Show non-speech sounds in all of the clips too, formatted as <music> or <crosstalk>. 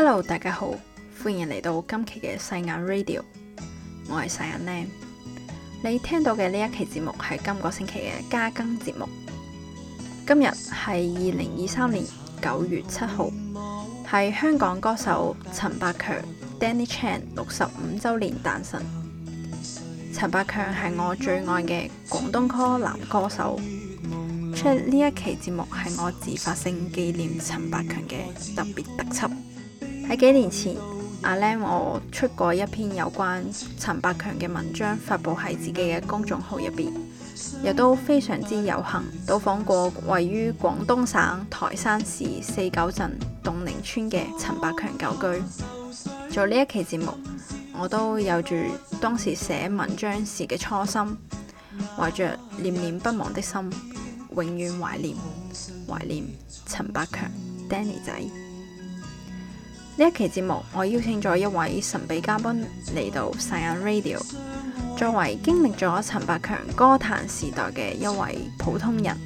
Hello，大家好，歡迎嚟到今期嘅細眼 Radio，我係細眼 Lam。你聽到嘅呢一期節目係今個星期嘅加更節目。今日係二零二三年九月七號，係香港歌手陳百強 Danny Chan 六十五周年誕辰。陳百強係我最愛嘅廣東歌男歌手，出呢一期節目係我自發性紀念陳百強嘅特別特輯。喺幾年前，阿 Lam 我出過一篇有關陳百強嘅文章，發布喺自己嘅公眾號入邊，亦都非常之有幸到訪過位於廣東省台山市四九鎮洞寧村嘅陳百強舊居。做呢一期節目，我都有住當時寫文章時嘅初心，懷着念念不忘的心，永遠懷念懷念陳百強 Danny 仔。呢一期節目，我邀請咗一位神秘嘉賓嚟到《細眼 Radio》，作為經歷咗陳百強歌壇時代嘅一位普通人，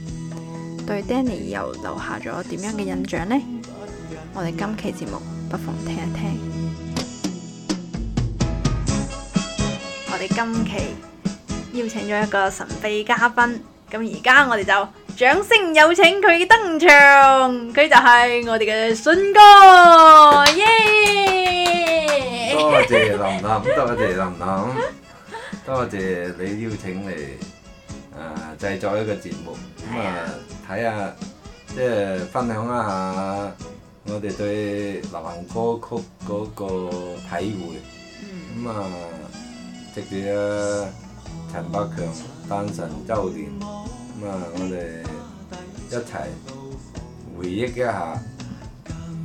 對 Danny 又留下咗點樣嘅印象呢？我哋今期節目不妨聽一聽。 <music> 我哋今期邀請咗一個神秘嘉賓，咁而家我哋就。掌聲有請佢登場，佢就係我哋嘅信哥，耶、yeah!！多謝林林，多謝林林， <laughs> 多謝你邀請嚟，啊製作一個節目，咁、哎呀嗯、啊睇下即係、就是、分享一下我哋對流行歌曲嗰個體會，咁啊、嗯，直謝、嗯、啊，陳百強、誕辰周年。嗯我哋一齊回憶一下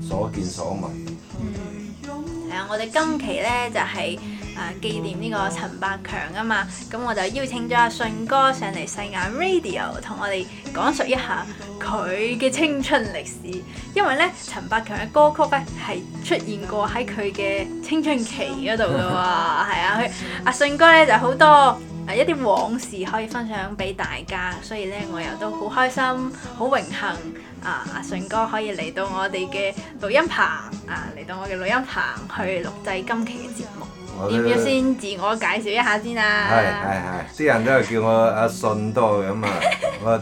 所見所聞。係啊，我哋今期咧就係啊紀念呢個陳百強啊嘛。咁我就邀請咗阿信哥上嚟細眼 Radio 同我哋講述一下佢嘅青春歷史。因為咧，陳百強嘅歌曲咧係出現過喺佢嘅青春期嗰度㗎喎。係啊，阿信哥咧就好多。一啲往事可以分享俾大家，所以咧我又都好開心，好榮幸啊！阿信哥可以嚟到我哋嘅錄音棚啊，嚟到我嘅錄音棚去錄製今期嘅節目。這要唔要先自我介紹一下先啊？係係係，啲人都係叫我阿信多嘅嘛， <laughs> 我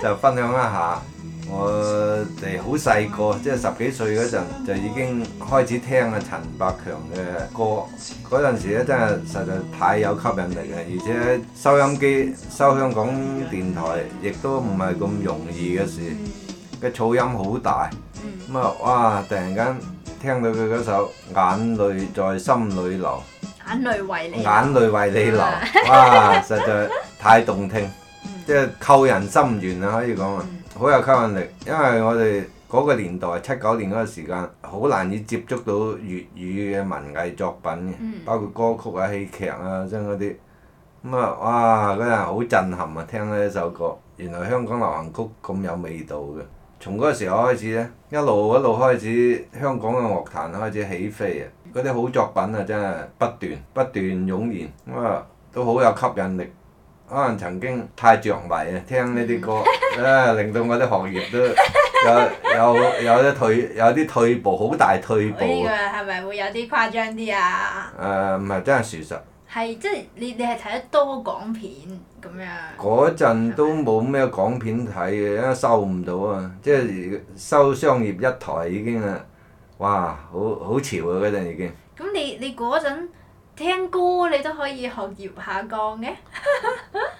就分享一下。我哋好細個，即係十幾歲嗰陣就已經開始聽啊陳百強嘅歌。嗰陣時咧，真係實在太有吸引力啦！而且收音機收香港電台，亦都唔係咁容易嘅事，嘅、嗯、噪音好大。咁啊、嗯，哇！突然間聽到佢嗰首《眼淚在心裡流》，眼淚為你流，眼淚為你流，你流嗯、哇！實在太動聽，嗯、即係扣人心絃啊，可以講啊！好有吸引力，因為我哋嗰個年代七九年嗰個時間，好難以接觸到粵語嘅文藝作品嘅，包括歌曲啊、戲劇啊，即係嗰啲。咁啊，哇！嗰陣好震撼啊，聽到一首歌，原來香港流行曲咁有味道嘅。從嗰個時候開始呢，一路一路開始香港嘅樂壇開始起飛啊！嗰啲好作品啊，真係不斷不斷湧現，咁啊都好有吸引力。可能曾經太着迷啊，聽呢啲歌、嗯 <laughs> 啊，令到我啲學業都有有有啲退有啲退步，好大退步啊！呢個係咪會有啲誇張啲啊？誒，唔係真係事實。係即係你你係睇得多港片咁樣。嗰陣都冇咩港片睇啊！因為收唔到啊！即係收商業一台已經啦。哇！好好潮啊！嗰陣已經。咁你你嗰陣？聽歌你都可以學業下降嘅，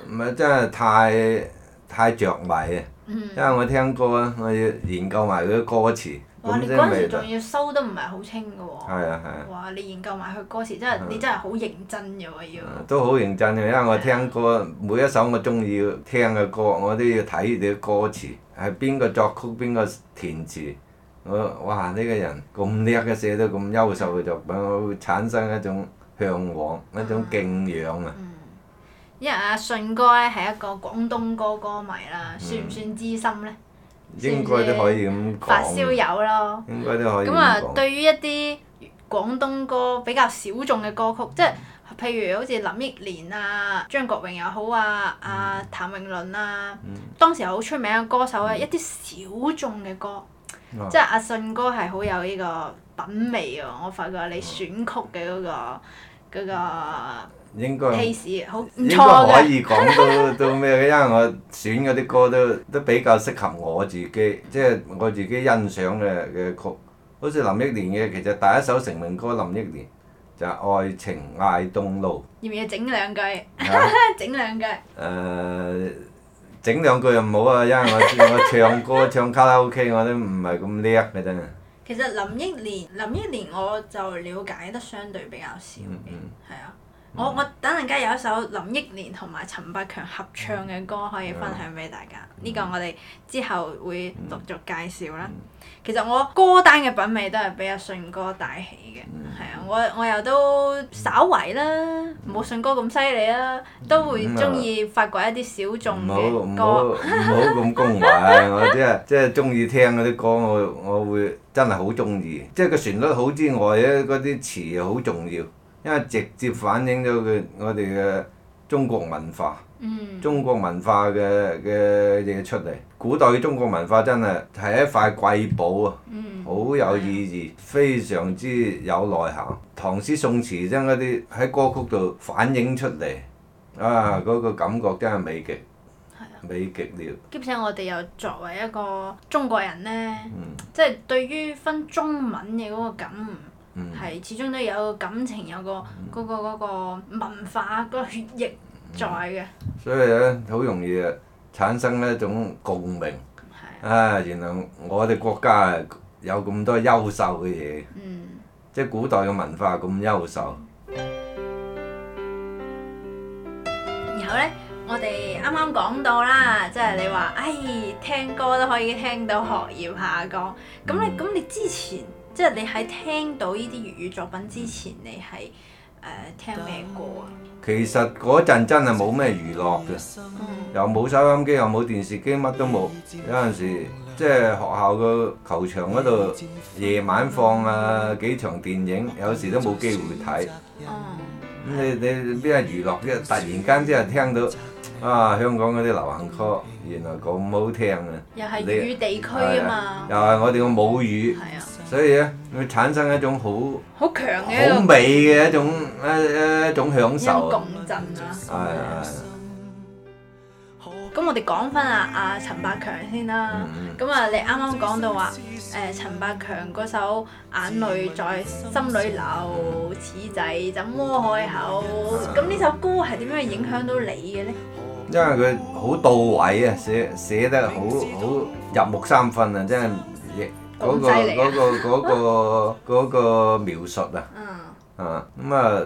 唔係真係太太著迷啊！因為我聽歌啊，我要研究埋佢啲歌詞。哇！你嗰陣時仲要收得唔係好清㗎喎。係啊係啊。哇！你研究埋佢歌詞，真係你真係好認真㗎喎要。都好認真嘅，因為我聽歌，每一首我中意聽嘅歌，我都要睇佢啲歌詞，係邊個作曲、邊個填詞。我哇！呢個人咁叻嘅，寫到咁優秀嘅作品，我會產生一種。向往一種敬仰啊、嗯！因為阿信哥咧係一個廣東歌歌迷啦，算唔算資深呢、嗯？應該都可以咁講，算唔算發燒友咯。應該都可以咁講。咁啊，對於一啲廣東歌比較小眾嘅歌曲，即係譬如好似林憶蓮啊、張國榮又好啊、阿、啊嗯、譚詠麟啊，嗯、當時好出名嘅歌手咧、啊，嗯、一啲小眾嘅歌，啊、即係阿信哥係好有呢個品味啊。我發覺你選曲嘅嗰、嗰個。嗰、這個，應該該，好應該可以講到到咩嘅，因為我選嗰啲歌都都比較適合我自己，即、就、係、是、我自己欣賞嘅嘅曲。好似林憶蓮嘅，其實第一首成名歌林憶蓮就係、是《愛情嗌凍路》。要唔要整兩句？整兩 <laughs> <laughs> 句。誒、呃。整兩句又唔好啊，因為我 <laughs> 我唱歌唱卡拉 OK 我都唔係咁叻，嘅。真係。其實林憶蓮，林憶蓮我就了解得相對比較少嘅，係、嗯嗯、啊。我我等陣間有一首林憶蓮同埋陳百強合唱嘅歌可以分享俾大家，呢 <noise> 個我哋之後會陸續，續介紹啦。其實我歌單嘅品味都係俾阿信哥帶起嘅，係啊， <noise> 我我又都稍為啦，冇信哥咁犀利啦，都會中意發掘一啲小眾嘅歌。唔好咁恭維，嗯啊啊、 <laughs> 我即係即係中意聽嗰啲歌，我我會真係好中意，即係個旋律好之外咧，嗰啲詞又好重要。因為直接反映咗佢我哋嘅中國文化，嗯、中國文化嘅嘅嘢出嚟，古代嘅中國文化真係係一塊瑰寶啊！好、嗯、有意義，的非常之有內涵。唐詩宋詞將嗰啲喺歌曲度反映出嚟，嗯、啊嗰、那個感覺真係美極，的美極了。兼且我哋又作為一個中國人呢，嗯、即係對於分中文嘅嗰個感。係始終都有感情，有個嗰、嗯這個、這個文化嗰、這個血液在嘅。所以咧，好容易啊產生一種共鳴。係啊！啊，原來我哋國家啊有咁多優秀嘅嘢。嗯、即係古代嘅文化咁優秀。然後呢，我哋啱啱講到啦，即、就、係、是、你話，唉、哎，聽歌都可以聽到學業下降。咁你咁、嗯、你之前？即係你喺聽到呢啲粵語作品之前你，你係誒聽咩歌啊？其實嗰陣真係冇咩娛樂嘅，嗯、又冇收音機，又冇電視機，乜都冇。有陣時即係學校個球場嗰度夜晚放啊幾場電影，有時都冇機會睇。咁、嗯嗯、你你邊係娛樂啫？突然間即係聽到啊香港嗰啲流行曲，原來咁好聽雨雨啊！又係粵語地區啊嘛，又係我哋嘅母語。係啊。所以咧，佢產生一種好好強嘅、好美嘅一種一一種享受啊！共振啊！係係。咁我哋講返啊啊陳百強先啦。咁啊，你啱啱講到話誒陳百強嗰首眼淚在心裏流，似仔怎開口？咁呢首歌係點樣影響到你嘅咧？因為佢好到位啊，寫寫得好好入木三分啊，真係。嗰個、嗰個、嗰個嗰個描述啊，啊咁啊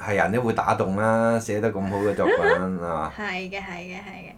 係人都會打動啦，啊，寫得咁好嘅作品係嘛？係嘅係嘅係嘅。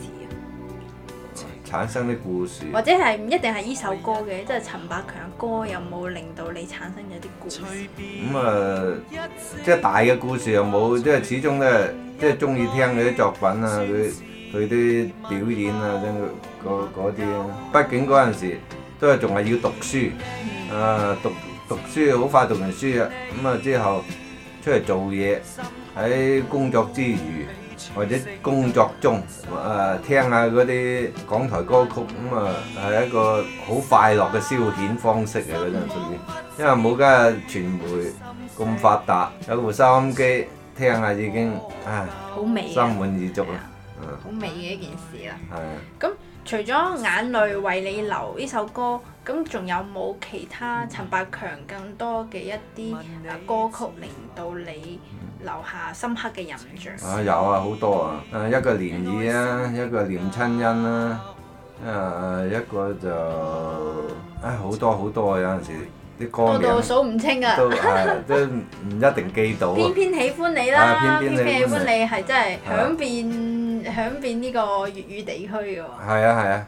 產生啲故事，或者係唔一定係呢首歌嘅，即係陳百強嘅歌有冇令到你產生咗啲故事？咁啊，即係大嘅故事又冇，即係始終咧，即係中意聽佢啲作品啊，佢佢啲表演啊，嗰嗰啲啊。畢竟嗰陣時都係仲係要讀書，啊讀讀書好快讀完書啊，咁啊之後出嚟做嘢，喺工作之餘。或者工作中，誒、呃，聽下嗰啲港台歌曲，咁啊係一個好快樂嘅消遣方式嘅，嗰陣屬於，因為冇家下傳媒咁發達，有部收音機聽下已經唉好美啊，心滿意足啦，啊、嗯，好美嘅一件事啦，係啊，咁。除咗《眼淚為你流》呢首歌，咁仲有冇其他陳百強更多嘅一啲啊歌曲令到你留下深刻嘅印象？啊有啊，好多啊，誒一個《漣漪》啊，一個《念親恩》啦，誒一個就啊好多好多啊，有陣時啲歌多到數唔清啊，都唔一定記到。偏偏喜歡你啦，偏偏喜歡你係真係響遍。響邊呢個粵語地區㗎喎，係啊，係啊。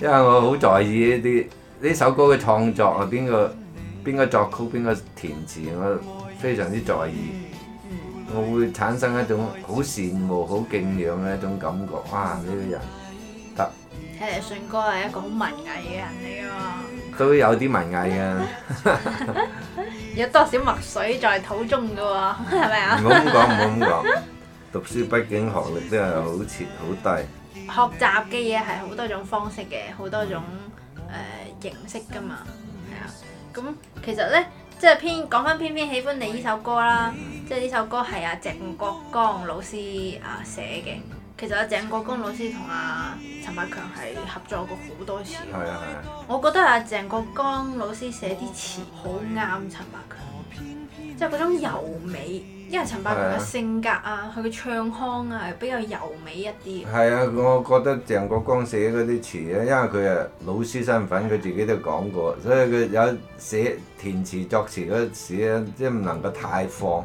因為我好在意呢啲呢首歌嘅創作啊，邊個邊個作曲，邊個填詞，我非常之在意。我會產生一種好羨慕、好敬仰嘅一種感覺。啊，呢個人特。睇嚟，信哥係一個好文藝嘅人嚟㗎喎。都有啲文藝啊，有多少墨水在肚中㗎喎？係咪啊？唔好咁講，唔好咁講。讀書畢竟學歷真係好似好低。學習嘅嘢係好多種方式嘅，好多種誒、呃、形式噶嘛，係啊。咁其實呢，即係偏講翻偏偏喜歡你呢首歌啦，嗯、即係呢首歌係阿、啊、鄭國江老師啊寫嘅。其實阿、啊、鄭國江老師同阿、啊、陳百強係合作過好多次。係啊係啊。我覺得阿、啊、鄭國江老師寫啲詞好啱陳百強，即係嗰種柔美。因為陳百強嘅性格啊，佢嘅唱腔啊比較柔美一啲。係啊，我覺得鄭國江寫嗰啲詞啊，因為佢係老師身份，佢自己都講過，所以佢有寫填詞作詞嗰時咧，即係唔能夠太放，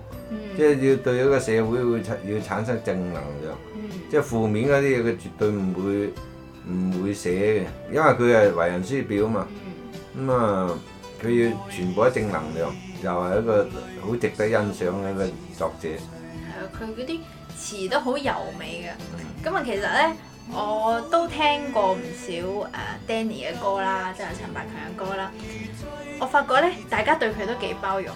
即係、嗯、要對一個社會會,會要產生正能量。即係、嗯、負面嗰啲嘢，佢絕對唔會唔會寫嘅，因為佢係為人師表啊嘛。咁啊、嗯，佢、嗯、要傳播正能量，又、就、係、是、一個好值得欣賞嘅。一作者係啊，佢嗰啲詞都好柔美嘅。咁啊，其實咧我都聽過唔少誒 Danny 嘅歌啦，即係陳百強嘅歌啦。我發覺咧，大家對佢都幾包容。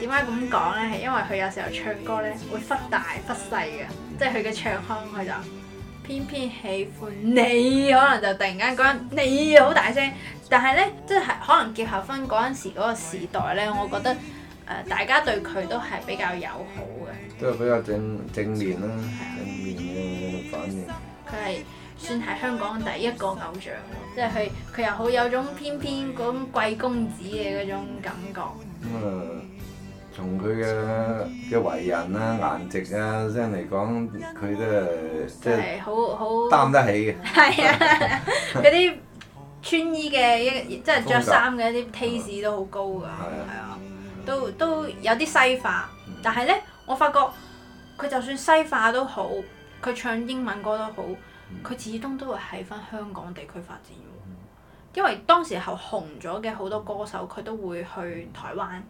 點解咁講咧？係因為佢有時候唱歌咧會忽大忽細嘅，即係佢嘅唱腔，佢就偏偏喜歡你。可能就突然間嗰陣你好大聲，但係咧即係可能結合返嗰陣時嗰個時代咧，我覺得。誒，大家對佢都係比較友好嘅，都係比較正正面啦，正、啊、正，正面嘅反應。佢係算係香港第一個偶像喎，即係佢佢又好有，有種偏偏嗰種貴公子嘅嗰種感覺。咁啊、嗯，從佢嘅嘅為人啊、顏值啊先嚟、即係、講，佢都係即係好好擔得起嘅。係啊，嗰啲穿衣嘅一即係着衫嘅一啲 Taste 都好高㗎，係啊。都都有啲西化，但係呢，我發覺佢就算西化都好，佢唱英文歌都好，佢始終都會喺返香港地區發展。因為當時候紅咗嘅好多歌手，佢都會去台灣，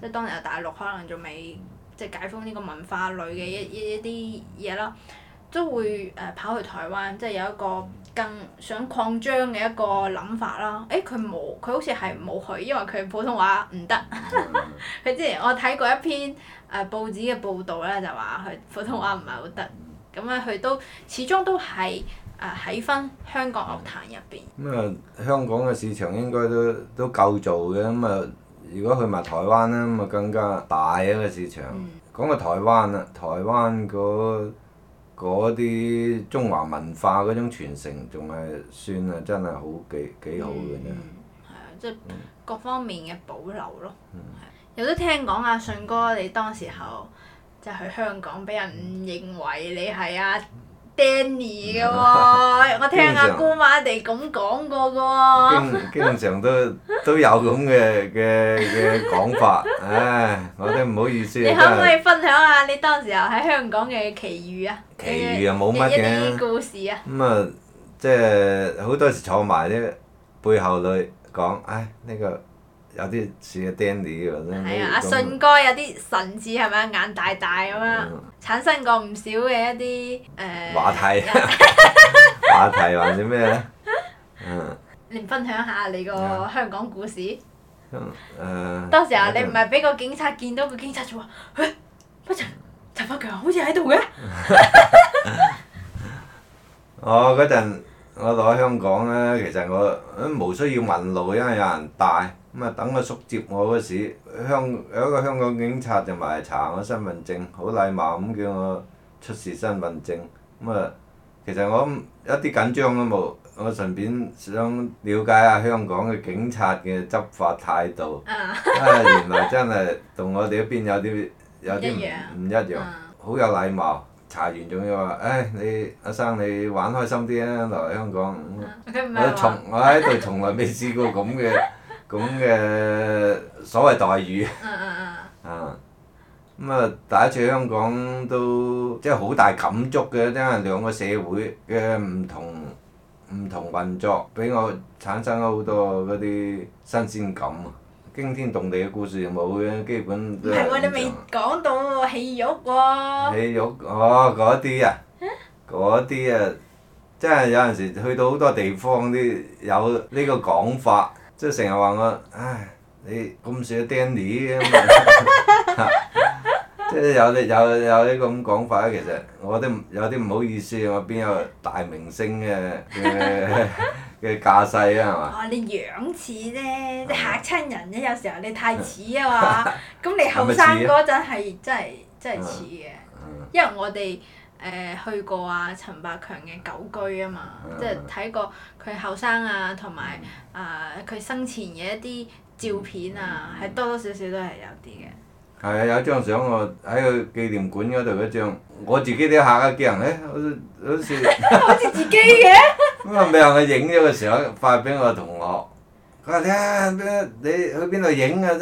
即係當時大陸可能仲未即係解封呢個文化類嘅一一啲嘢啦，都會誒跑去台灣，即係有一個。更想擴張嘅一個諗法啦，誒佢冇佢好似係冇去，因為佢普通話唔得。佢 <laughs> 之前我睇過一篇誒、呃、報紙嘅報導咧，就話佢普通話唔係好得，咁咧佢都始終都係誒喺返香港樂壇入邊。咁啊、嗯，香港嘅市場應該都都夠做嘅，咁啊，如果去埋台灣咧，咁啊更加大一、啊、個市場。嗯、講個台灣啦，台灣個。嗰啲中華文化嗰種傳承，仲係算係真係好幾幾好嘅啫。嗯，係啊，即係各方面嘅保留咯。嗯。係、啊。又都聽講啊，信哥，你當時候即係去香港，俾人誤認為你係啊。嗯 Danny 嘅喎，我聽阿姑媽哋咁講過嘅喎。經經常都都有咁嘅嘅嘅講法，唉，我都唔好意思。你可唔可以分享下你當時候喺香港嘅奇遇啊？奇遇又冇乜嘅故事啊。咁啊，即係好多時坐埋啲背後裏講，唉，呢個。有啲似個 Danny 喎，真係。係啊！阿信哥有啲神似係咪啊？眼大大咁樣，產生過唔少嘅一啲誒話題，話題或者咩咧？嗯，你唔分享下你個香港故事？嗯誒。當時候你唔係俾個警察見到個警察就話：，去，不長陳百強好似喺度嘅。我嗰陣我喺香港咧，其實我都無需要問路，因為有人帶。咁啊！等阿叔接我嗰時，香有一個香港警察就埋嚟查我身份證，好禮貌咁叫我出示身份證。咁啊，其實我一啲緊張都冇。我順便想了解下香港嘅警察嘅執法態度。啊、uh, <laughs> 哎！原來真係同我哋嗰邊有啲有啲唔 <laughs> 一樣，好有禮貌。查完仲要話：唉、哎，你阿生你玩開心啲啊！落嚟香港，uh, okay, 我從我喺度從來未試過咁嘅。咁嘅所謂待遇，啊，咁啊第一次香港都即係好大感觸嘅，真係兩個社會嘅唔同唔同運作，俾我產生咗好多嗰啲新鮮感啊！驚天動地嘅故事冇嘅，基本都係唔同。唔係喎，你未講到戲肉喎？戲肉，嗰嗰啲啊，嗰啲啊，真係有陣時去到好多地方啲有呢個講法，即係成日話我，唉！你咁似 Danny 咁， <laughs> 即係有啲有有呢個咁講法啊！其實我都有啲唔好意思，我邊有大明星嘅嘅嘅架勢啊？係嘛？哦，你樣似啫，嚇親人啫。有時候你太似啊嘛，咁 <laughs> 你後生嗰陣係真係 <laughs> 真係似嘅，嗯、因為我哋。誒、呃、去過啊，陳百強嘅舊居啊嘛，的即係睇過佢後生啊，同埋啊佢生前嘅一啲照片啊，係的多多少少，少都係有啲嘅。係啊，有張相我喺個紀念館嗰度一張，我自己都嚇一驚咧，好似 <laughs> 好似自己嘅。咁 <laughs> 啊！咪我影咗個相發俾我同學，佢話：聽你去邊度影啊？真？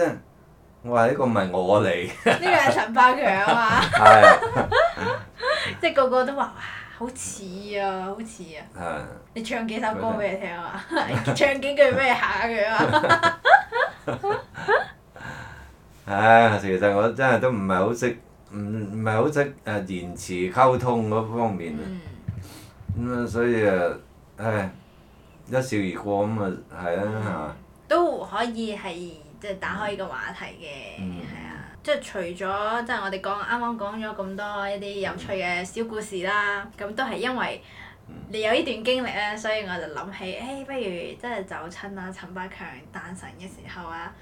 這個、我話呢個唔係我嚟。呢個係陳百強啊嘛。係。 <laughs> 即係個個都話哇，好似啊，好似啊！吧你唱幾首歌俾你聽啊， <laughs> <laughs> 唱幾句咩下嚇佢啊！唉、 <laughs> <laughs> 哎，其實我真係都唔係好識，唔唔係好識啊言詞溝，溝通嗰方面。咁、嗯嗯、所以啊，係、哎、一笑而過咁啊，係、嗯、啊，係嘛。都可以係即係打開個話題嘅，係啊、嗯。即係除咗即係我哋講啱啱講咗咁多一啲有趣嘅小故事啦，咁都係因為你有呢段經歷咧，所以我就諗起，誒、哎、不如即係就趁啊，陳百強誕辰嘅時候啊，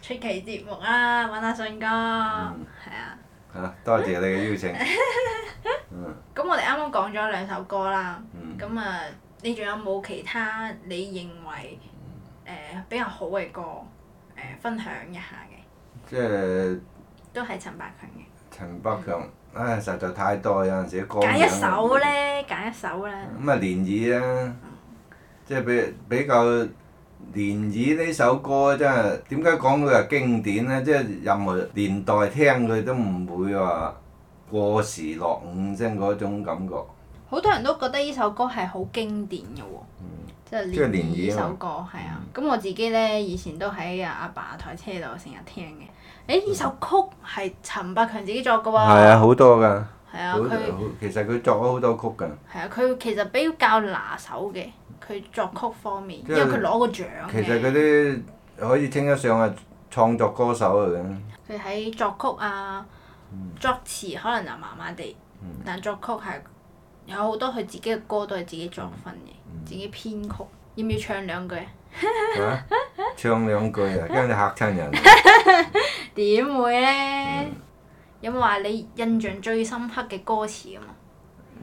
出期節目啊，揾阿信哥，係、嗯、啊。嚇！多謝你嘅邀請。咁、 <laughs> <laughs> 嗯、我哋啱啱講咗兩首歌啦。咁啊、嗯，你仲有冇其他你認為誒、呃、比較好嘅歌誒、呃、分享一下嘅？即係。都係陳百強嘅。陳百強，唉，實在太多，有陣時歌。揀一首咧，揀一首啦。咁啊，《漣漪》啊，即係比比較《漣漪》呢首歌真係點解講佢係經典咧？即係任何年代聽佢都唔會話過時落伍，即係嗰種感覺。好多人都覺得呢首歌係好經典嘅喎。嗯。即係《漣漪》呢首歌。係啊。咁我自己咧，以前都喺阿阿爸台車度成日聽嘅。誒，呢、哎、首曲係陳百強自己作㗎喎、哦。係啊，好多㗎。係啊，佢他其實佢作咗好多曲㗎。係啊，佢其實比較拿手嘅，佢作曲方面，是因為佢攞過獎。其實佢啲可以稱得上係創作歌手嚟嘅。佢喺作曲啊，嗯、作詞可能就麻麻地，嗯、但作曲係有好多佢自己嘅歌都係自己作分嘅，嗯、自己編曲。要唔要唱兩句？唱兩句啊，驚你嚇親人。點會呢？嗯、有冇話你印象最深刻嘅歌詞啊？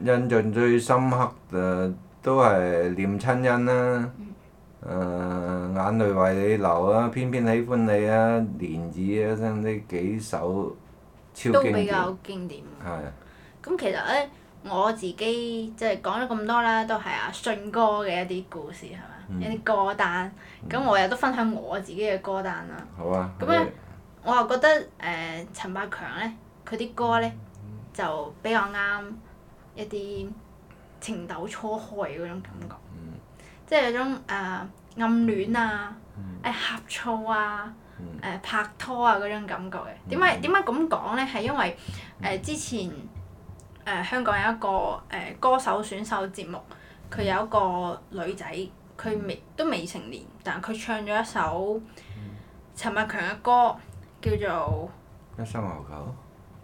印象最深刻誒，都係念親恩啦、啊嗯呃，眼淚為你流啦、啊，偏偏喜歡你啦、啊，漣漪啊，呢幾首超都比較經典。係、啊。咁其實咧，我自己即係、就是、講咗咁多啦，都係啊，信哥嘅一啲故事係嘛？一啲歌單，咁我又都分享我自己嘅歌單啦。好啊！咁咧，我又覺得誒陳百強咧，佢啲歌咧就比較啱一啲情竇初開嗰種感覺。即係嗰種誒暗戀啊，誒呷醋啊，誒拍拖啊嗰種感覺嘅。點解，點解咁講咧？係因為誒之前誒香港有一個誒歌手選秀節目，佢有一個女仔。佢未都未成年，但佢唱咗一首陳百強嘅歌，叫做《一生何求》。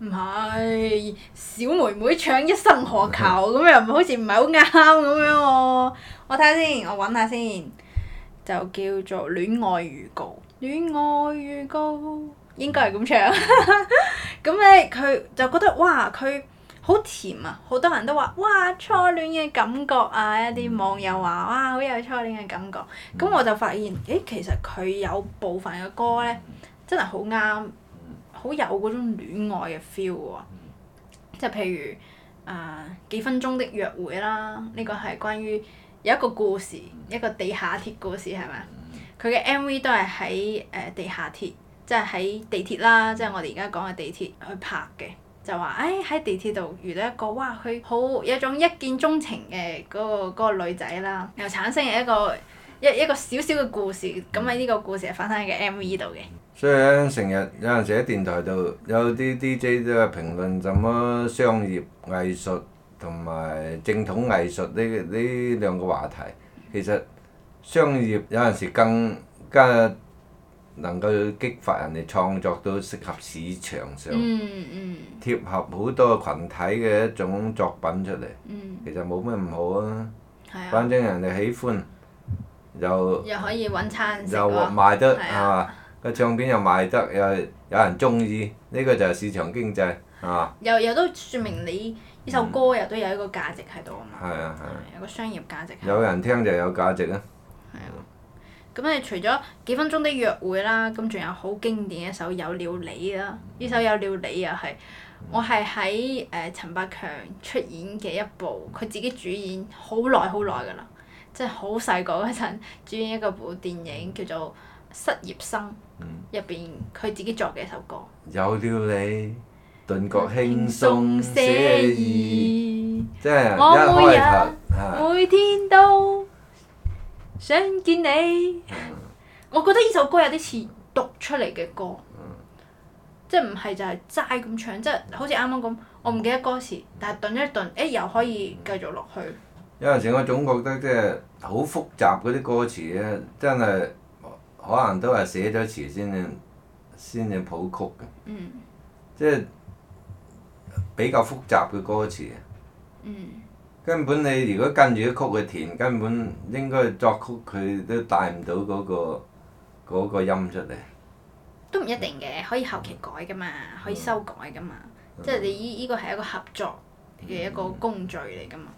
唔係小妹妹唱《一生何求》咁又唔好似唔係好啱咁樣喎。我睇下先，我揾下先，就叫做《戀愛預告》。戀愛預告應該係咁唱。咁咧佢就覺得哇佢。好甜啊！好多人都話：哇，初戀嘅感覺啊！一啲網友話：哇，好有初戀嘅感覺。咁我就發現，誒，其實佢有部分嘅歌咧，真係好啱，好有嗰種戀愛嘅 feel 喎、啊。即係譬如，啊、呃，幾分鐘的約會啦，呢、這個係關於有一個故事，一個地下鐵故事，係咪啊？佢嘅 MV 都係喺誒地下鐵，即係喺地鐵啦，即係我哋而家講嘅地鐵去拍嘅。就話誒，喺地鐵度遇到一個，哇，佢好有一種一見鍾情嘅嗰個嗰個女仔啦，又產生一個一一個小小嘅故事，咁喺呢個故事係發生喺個 M V 度嘅。所以咧，成日有陣時喺電台度有啲 D J 都係評論怎麼商業藝術同埋正統藝術呢呢兩個話題。其實商業有陣時更加。能夠激發人哋創作到適合市場上，貼合好多群體嘅一種作品出嚟，其實冇咩唔好啊。係啊，反正人哋喜歡又又可以揾餐食又，賣得係嘛，個唱片又賣得又有人中意，呢個就係市場經濟，係嘛？又都説明你呢首歌又都有一個價值喺度啊嘛。係啊係啊。有個商業價值。有人聽就有價值啊。咁你除咗幾分鐘的約會啦，咁仲有好經典嘅一首有了你啦，呢、嗯、首有了你又係我係喺誒陳百強出演嘅一部，佢自己主演好耐好耐噶啦，即係好細個嗰陣主演一個部電影叫做《失業生》，入邊佢自己作嘅一首歌。嗯、有了你，頓覺輕鬆寫意。寫意，我每日每天都想見你， <laughs> 我覺得呢首歌有啲似讀出嚟嘅歌，嗯、即係唔係就係齋咁唱，即係、嗯、好似啱啱咁。我唔記得歌詞，但係頓一頓，誒、哎、又可以繼續落去。有陣時我總覺得即係好複雜嗰啲歌詞咧，真係可能都係寫咗詞先至先至譜曲嘅，即係、嗯、比較複雜嘅歌詞啊。嗯根本你如果跟住啲曲去填，根本應該作曲佢都帶唔到嗰個嗰個音出嚟。都唔一定嘅，可以後期改噶嘛，可以修改噶嘛。即係你依依個係一個合作嘅一個工序嚟噶嘛。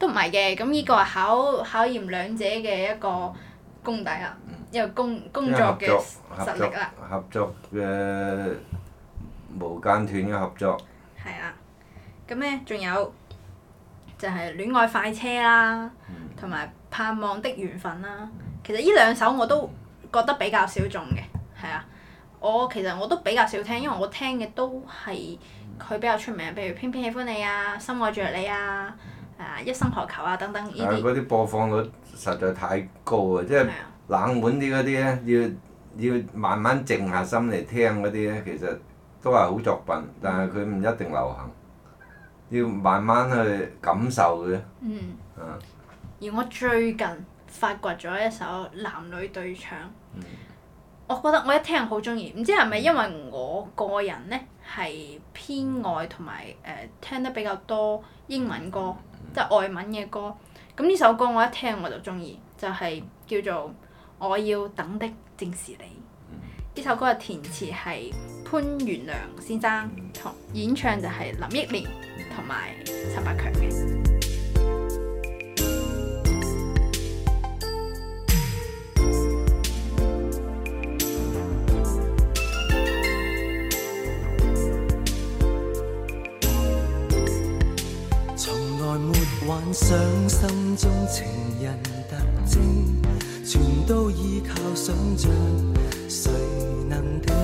都唔係嘅，咁依個係考考驗兩者嘅一個功底啦。嗯。又工工作嘅實力啦。合作嘅無間斷嘅合作。係啊！咁咧仲有。就係《戀愛快車》啦，同埋《盼望的緣分》啦。其實呢兩首我都覺得比較小眾嘅，係啊。我其實我都比較少聽，因為我聽嘅都係佢比較出名，譬如《偏偏喜歡你》啊，《深愛着你》啊，《一生何求》啊等等。啊！嗰啲播放率實在太高啊！即係冷門啲嗰啲咧，要要慢慢靜下心嚟聽嗰啲咧，其實都係好作品，但係佢唔一定流行。要慢慢去感受嘅。嗯。而我最近發掘咗一首男女對唱。嗯、我覺得我一聽好中意，唔知係咪因為我個人呢係偏愛同埋誒聽得比較多英文歌，即係、嗯、外文嘅歌。咁呢首歌我一聽我就中意，就係、是、叫做我要等的正是你。呢、嗯、首歌嘅填詞係潘元良先生，同、嗯、演唱就係林憶蓮。同埋陳百強嘅。從來沒幻想，心中情人，全都依靠想著，誰能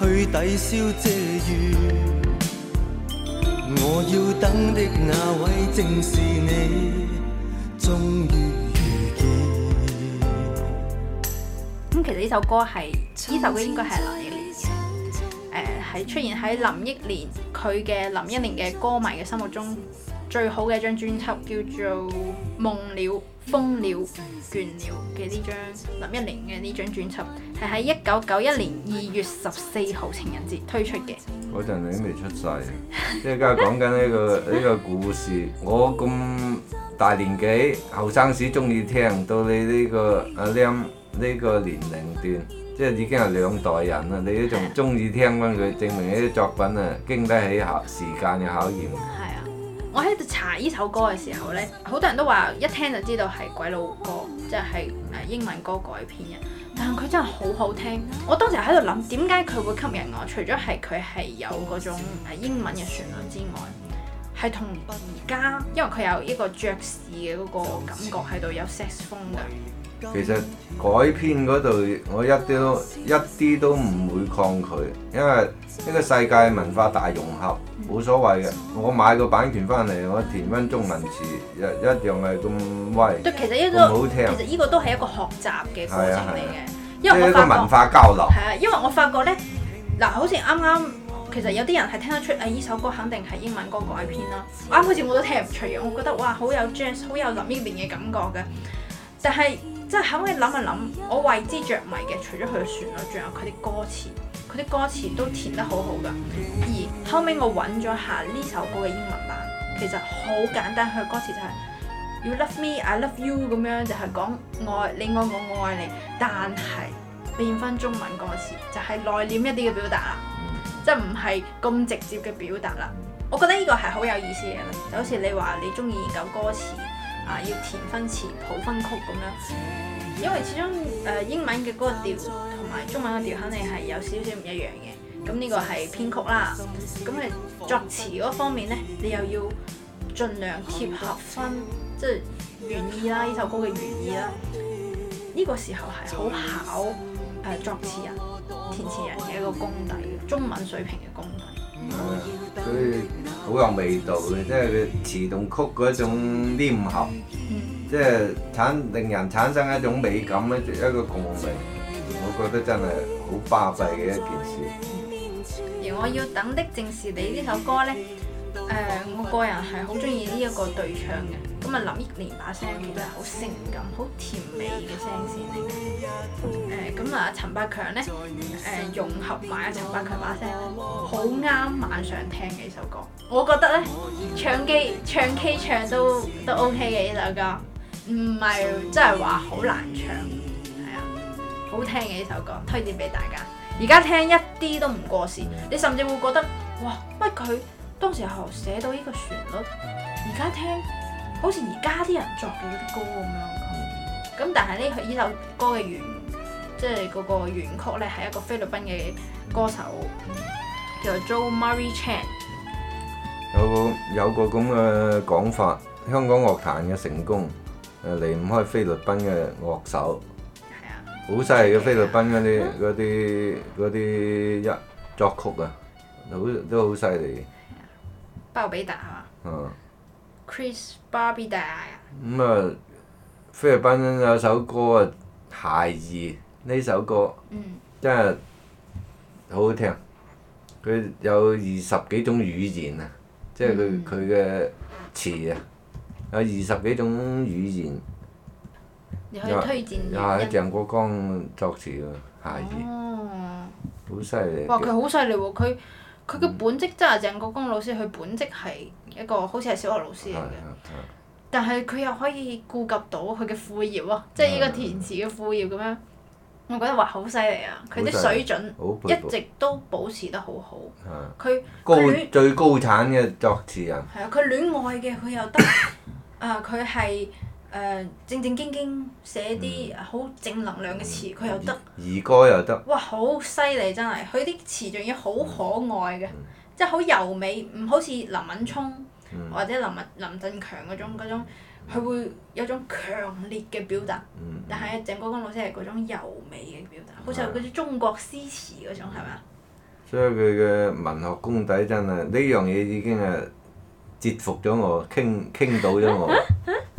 去抵消借雨，我要等的那位正是你，終於遇見。咁、嗯、其實呢首歌係呢首歌應該係林，誒係、呃、出現喺林憶蓮佢嘅林憶蓮嘅歌迷嘅心目中。最好嘅一張專輯叫做《夢了瘋了倦了》嘅呢張林憶蓮嘅呢張專輯，係喺一九九一年二月十四號情人節推出嘅。嗰陣你都未出世，即係家講緊呢個呢 <laughs> 個故事。我咁大年紀，後生時中意聽到你呢、呢個阿僆呢個年齡段，即係已經係兩代人啦。你都仲中意聽翻佢，證明呢啲作品啊經得起考時間嘅考驗。我喺度查呢首歌嘅時候呢，好多人都話一聽就知道係鬼佬歌，即係誒英文歌改編嘅。但係佢真係好好聽，我當時喺度諗點解佢會吸引我，除咗係佢係有嗰種英文嘅旋律之外，係同而家因為佢有一個爵士嘅嗰個感覺喺度，有 sex 風嘅。其實改編嗰度，我一啲都一啲都唔會抗拒，因為呢個世界文化大融合冇、嗯、所謂嘅。我買個版權翻嚟，我填翻中文字，一一樣係咁威。其實依、依個都好聽。其實依個都係一個學習嘅過程嚟嘅，啊啊、因為我發覺文化交流。係啊，因為我發覺咧，嗱，好似啱啱其實有啲人係聽得出，誒、啊，依首歌肯定係英文歌改編啦。啱開始我都聽唔出嘅，我覺得哇，好有 jazz，好有南邊嘅感覺嘅，但係。即係可以諗一諗，我為之着迷嘅除咗佢嘅旋律，仲有佢啲歌詞。佢啲歌詞都填得好好㗎。而後尾我揾咗下呢首歌嘅英文版，其實好簡單。佢嘅歌詞就係、是、You love me, I love you 咁樣，就係、是、講愛你愛我，我愛你。但係變返中文歌詞就係、是、內斂一啲嘅表達啦，即係唔係咁直接嘅表達啦。我覺得呢個係好有意思嘅，就好似你話你中意研究歌詞。啊！要填分詞譜分曲咁樣，因為始終誒、呃、英文嘅個調同埋中文嘅調肯定係有少少唔一樣嘅。咁呢個係編曲啦，咁係作詞方面咧，你又要盡量貼合分即係原意啦，呢首歌嘅原意啦。呢、這個時候係好考誒、呃、作詞人、填詞人嘅一個功底，中文水平嘅功底。嗯、所以好有味道嘅，即係佢詞、動曲嗰一種黏合，嗯、即係產令人產生一種美感咧，嗯、一個共鳴。我覺得真係好巴閉嘅一件事。而我要等的正是你呢首歌咧，誒、呃，我個人係好中意呢一個對唱嘅。咁啊林憶蓮把聲其實係好性感、好甜美嘅聲線嚟嘅，誒、呃，咁啊陳百強咧，誒、呃、融合埋阿陳百強把聲咧，好啱晚上聽嘅呢首歌。我覺得咧唱 K 唱 K 唱都都 OK 嘅呢首歌，唔係真係話好難唱，係啊，好聽嘅呢首歌，推薦俾大家。而家聽一啲都唔過時，你甚至會覺得哇，乜佢當時候寫到呢個旋律，而家聽，好似而家啲人作嘅嗰啲歌咁樣，咁但係呢呢首歌嘅原即係嗰個原曲咧，係一個菲律賓嘅歌手，嗯、叫做 Jose Mari Chan 有，有個有個咁嘅講法，香港樂壇嘅成功誒離唔開菲律賓嘅樂手。係啊，好犀利嘅菲律賓嗰啲啲啲一作曲啊，好都好犀利。包比達係、啊、嘛、嗯、Chris。巴比達呀！咁、嗯、啊，菲律賓有首歌啊，《孩兒》呢首歌，首歌嗯、真係好好聽。佢有二十幾種語言啊，即係佢佢嘅詞啊，有二十幾種語言。你可以推薦下，又係鄭國江作詞喎，哦《孩兒》。好犀利！佢好犀利喎，佢。佢嘅本職即係鄭國江老師，佢本職係一個好似係小學老師嚟嘅，啊、但係佢又可以顧及到佢嘅副業咯，啊、即係呢個填詞嘅副業咁樣。啊、我覺得話好犀利啊！佢啲水準一直都保持得好好，佢最高產嘅作詞人。係啊，佢戀愛嘅佢又得， <laughs> 啊佢係。誒正正經經寫啲好正能量嘅詞，佢又得，兒歌又得，哇！好犀利真係，佢啲詞仲要好可愛嘅，嗯、即係好柔美，唔好似林敏聰、嗯、或者林敏林振強嗰種佢會有種強烈嘅表達。嗯嗯、但係鄭國江老師係嗰種柔美嘅表達，嗯、好似嗰啲中國詩詞嗰種係咪啊？的所以佢嘅文學功底真係呢樣嘢已經係折服咗我，傾傾倒咗我。 <laughs> <laughs> <laughs>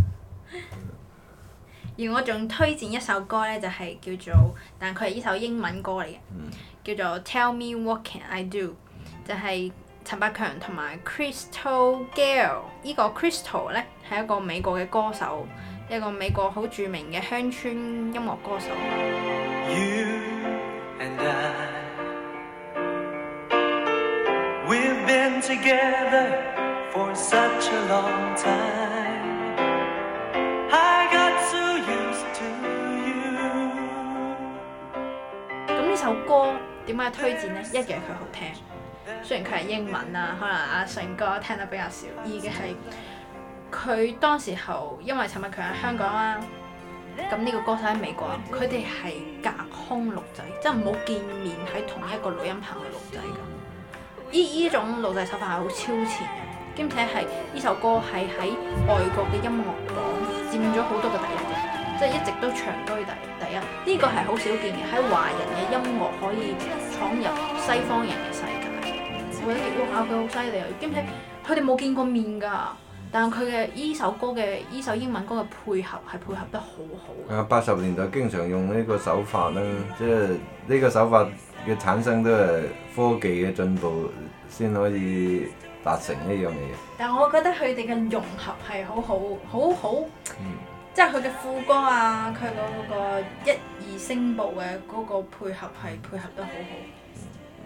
而我仲推薦一首歌咧，就係、是、叫做，但佢係呢首英文歌嚟嘅，嗯、叫做《Tell Me What Can I Do》，就係陳百強同埋 Crystal Gayle，呢個 Crystal 咧係一個美國嘅歌手，一個美國好著名嘅鄉村音樂歌手。You and I, 歌點解推薦呢？一嘅係佢好聽，雖然佢係英文啊，可能阿信哥聽得比較少。二嘅係佢當時候因為陳百強喺香港啦，咁、這、呢個歌手喺美國，佢哋係隔空錄仔，即係冇見面喺同一個錄音棚嘅錄仔嘅。依依種錄製手法係好超前嘅，兼且係呢首歌係喺外國嘅音樂榜佔咗好多嘅第一嘅，即係一直都長居第一。呢個係好少見嘅，喺華人嘅音樂可以闖入西方人嘅世界。我覺得佢好犀利啊！兼且佢哋冇見過面㗎，但佢嘅呢首歌嘅呢首英文歌嘅配合係配合得好好。啊，八十年代經常用呢個手法啦，即係呢個手法嘅產生都係科技嘅進步先可以達成呢樣嘢。但係我覺得佢哋嘅融合係好好好好。好好好嗯即係佢嘅副歌啊，佢嗰個一二聲部嘅嗰個配合係配合得好好。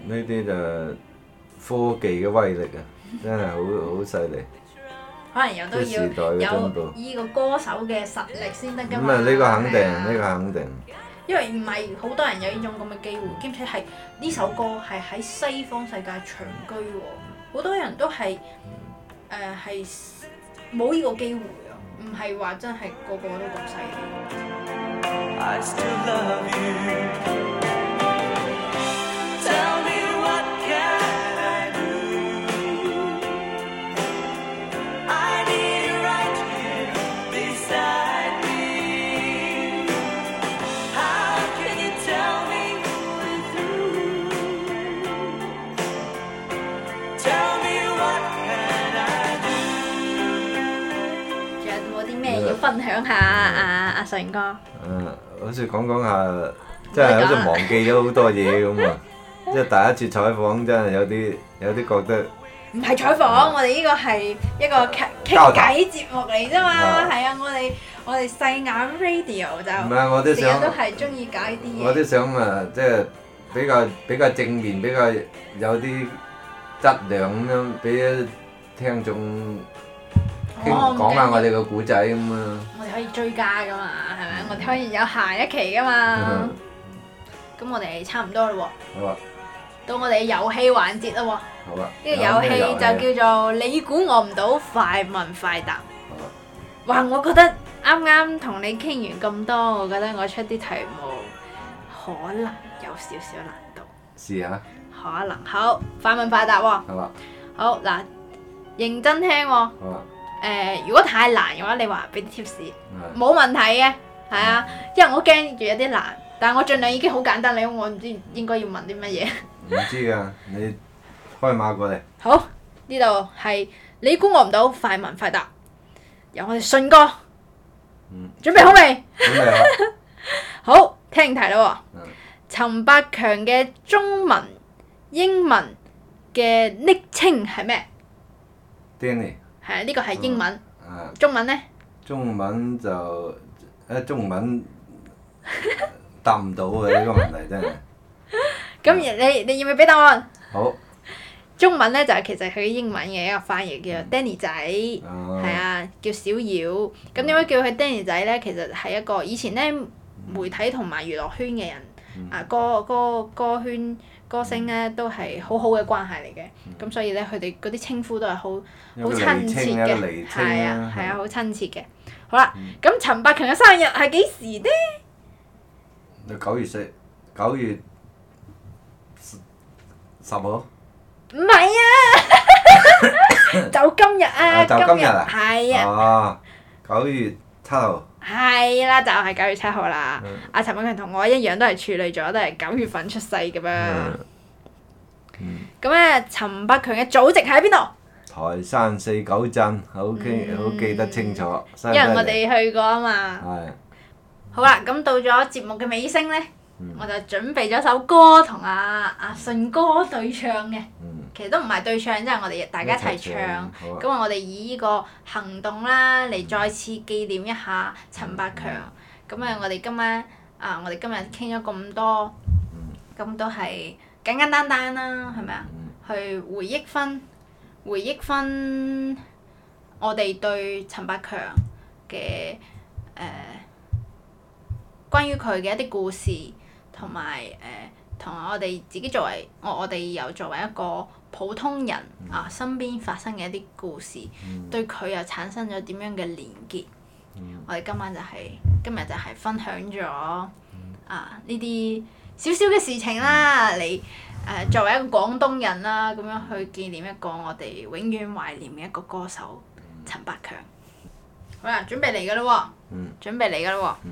呢啲就科技嘅威力啊，真係好好犀利。 <laughs> 可能有都要有依個歌手嘅實力先得㗎嘛。咁啊呢個肯定，啊、呢個肯定。因為唔係好多人有呢種咁嘅機會，兼且係呢首歌係喺西方世界長居喎，哦，好多人都係誒係冇呢個機會。唔係話真係個個都咁細。分享下啊阿成、啊啊、哥，嗯，好似講講下，真係好似忘記咗好多嘢咁啊！ <laughs> 即係第一次採訪真，真係有啲有啲覺得。唔係採訪，嗯、我哋呢個係一個傾偈談節目嚟啫嘛，係、嗯、啊！我哋我哋細眼 radio 就，成日都係中意搞啲嘢。我，我想常常都我想啊，即係比較比較正面，比較有啲質量咁樣俾聽眾。講下我哋個古仔咁啊！我哋可以追加噶嘛，係咪？我哋可以有下一期噶嘛？咁我哋差唔多嘞喎，到我哋遊戲環節嘞喎，呢個遊戲就叫做你估我唔到，快問快答。哇！我覺得啱啱同你傾完咁多，我覺得我出啲題目可能有少少難度。試下，可能好快問快答喎。好嗱，認真聽喎。誒、呃，如果太難嘅話，你話俾啲貼士，冇的問題嘅，係啊，嗯、因為我驚住有啲難，但我盡量已經好簡單你我唔知應該要問啲乜嘢。唔知噶，你開碼過嚟。好，呢度係你估我唔到，快問快答。由我哋信哥，嗯，準備好未？準備好。 <laughs> 好，聽題咯。嗯。陳百強嘅中文、英文嘅昵稱係咩？Danny。嗯係啊，呢個係英文。啊！中文咧？中文就誒中文答唔到嘅，呢個問題真係。咁你你要唔要俾答案？好。中文咧就係其實佢英文嘅一個翻譯，叫做 Danny 仔，係啊，叫小妖。咁點解叫佢 Danny 仔咧？其實係一個以前咧媒體同埋娛樂圈嘅人啊，歌歌歌圈。歌星咧都係好好嘅關係嚟嘅，咁所以咧佢哋嗰啲稱呼都係好好親切嘅，係啊係啊，好親切嘅。好啦，咁陳百強嘅生日係幾時咧？九月四，九月十號，唔係啊，就今日啊，就今日啊，係啊，九月。七號，係啦，就係九月七號啦。阿陳百強同我一樣都係處女座，都係九月份出世嘅噃。咁咧，陳百強嘅祖籍喺邊度？台山四九鎮，好記，好記得清楚。因為我哋去過啊嘛。係。好啦，咁到咗節目嘅尾聲咧。我就準備咗首歌同阿阿信哥對唱嘅，嗯、其實都唔係對唱，即、就、係、是、我哋大家一齊唱，咁啊我哋以呢個行動啦嚟再次紀念一下陳百強。咁、嗯嗯、啊，我哋今晚、嗯、啊，我哋今日傾咗咁多，咁都係簡簡單單啦，係咪啊？去回憶翻，回憶翻我哋對陳百強嘅誒、呃、關於佢嘅一啲故事。同埋誒，同、呃、我哋自己作為、啊、我我哋又作為一個普通人啊，身邊發生嘅一啲故事，嗯、對佢又產生咗點樣嘅連結？嗯、我哋今晚就係、是、今日就係分享咗啊呢啲小小嘅事情啦，嚟誒、啊、作為一個廣東人啦，咁樣去紀念一個我哋永遠懷念嘅一個歌手陳百強。好啦，準備嚟㗎嘞喎！準備嚟㗎嘞喎！嗯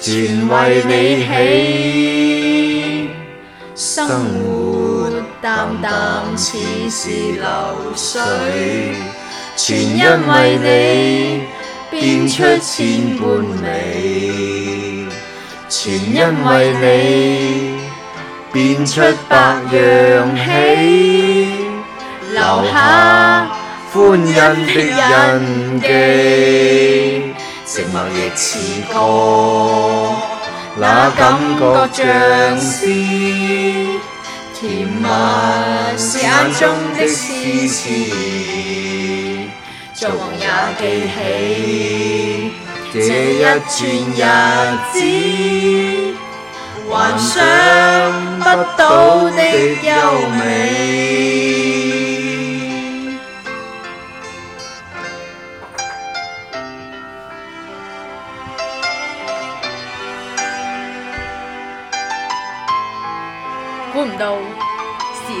全為你起，生活淡淡似是流水，全因為你變出千般美，全因為你變出百樣喜，留下歡欣的印記。寂寞亦似歌，那感覺像詩，甜蜜是眼中的詩詞，造夢也記起這一串日子，幻想不到的優美。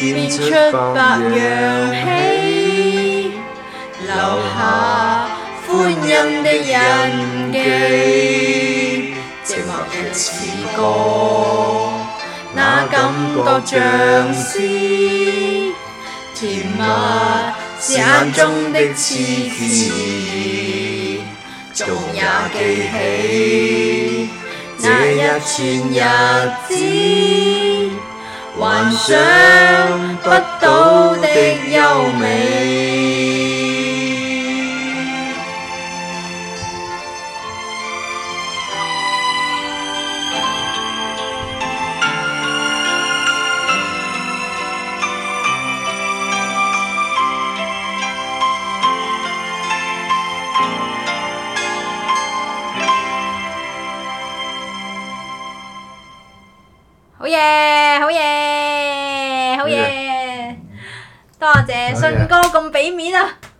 變出白羊起，留下歡欣的印記。寂寞像詩歌，那感覺像詩。甜蜜是眼中的痴痴，總也記起那一串日子。幻想不到。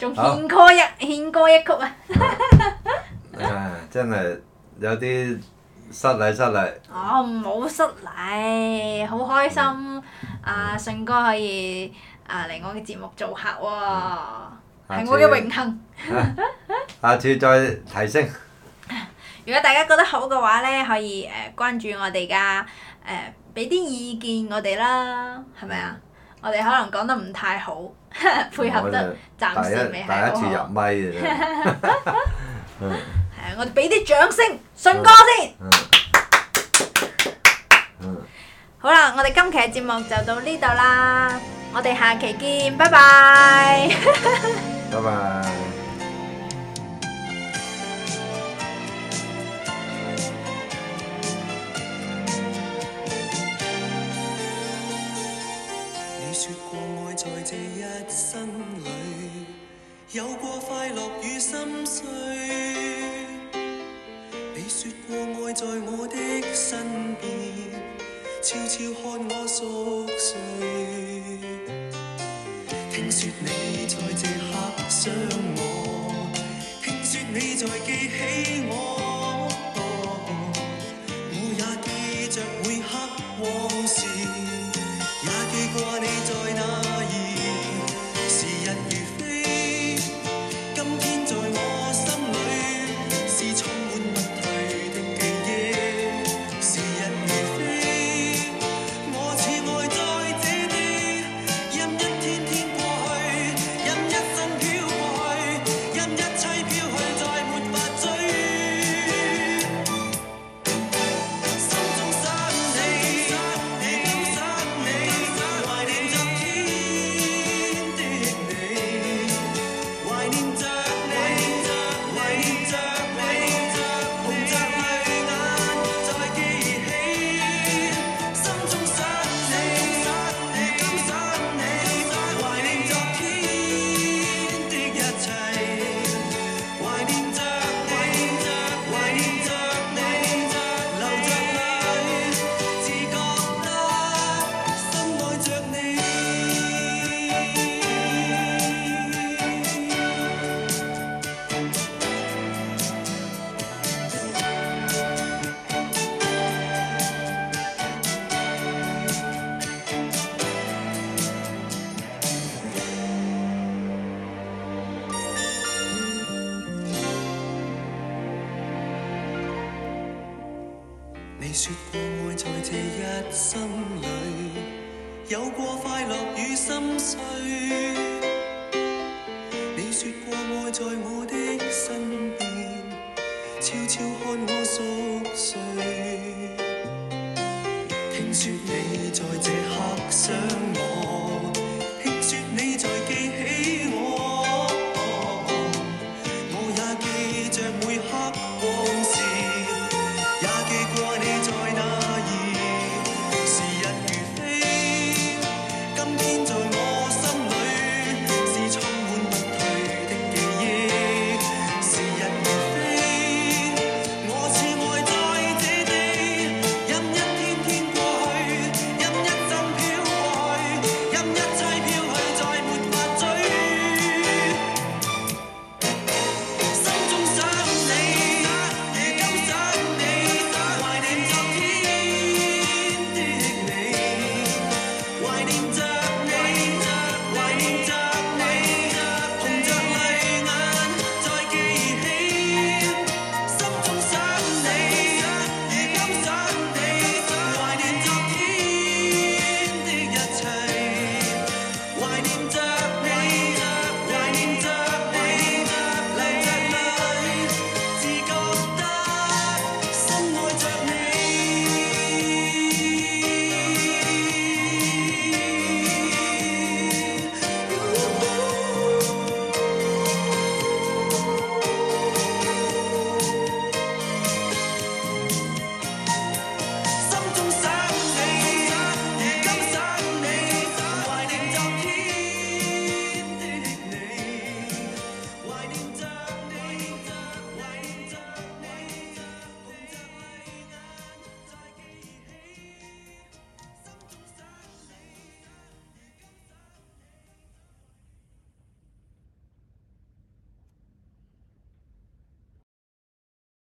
仲獻歌一獻歌一曲啊！啊，真係有啲失禮失禮。哦，唔好失禮，好開心啊！信哥可以啊嚟我嘅節目做客喎，係我嘅榮幸。下次再提升。如果大家覺得好嘅話呢，可以誒關注我哋㗎誒，俾啲意見我哋啦，係咪啊？我哋可能講得唔太好。配合得暫時未係好，第一次入咪。係啊，我哋俾啲掌聲，信哥先。好啦，我哋今期嘅節目就到呢度啦，我哋下期見，拜拜。拜拜。有過快樂與心碎，你說過愛在我的身邊，悄悄看我熟睡。聽說你。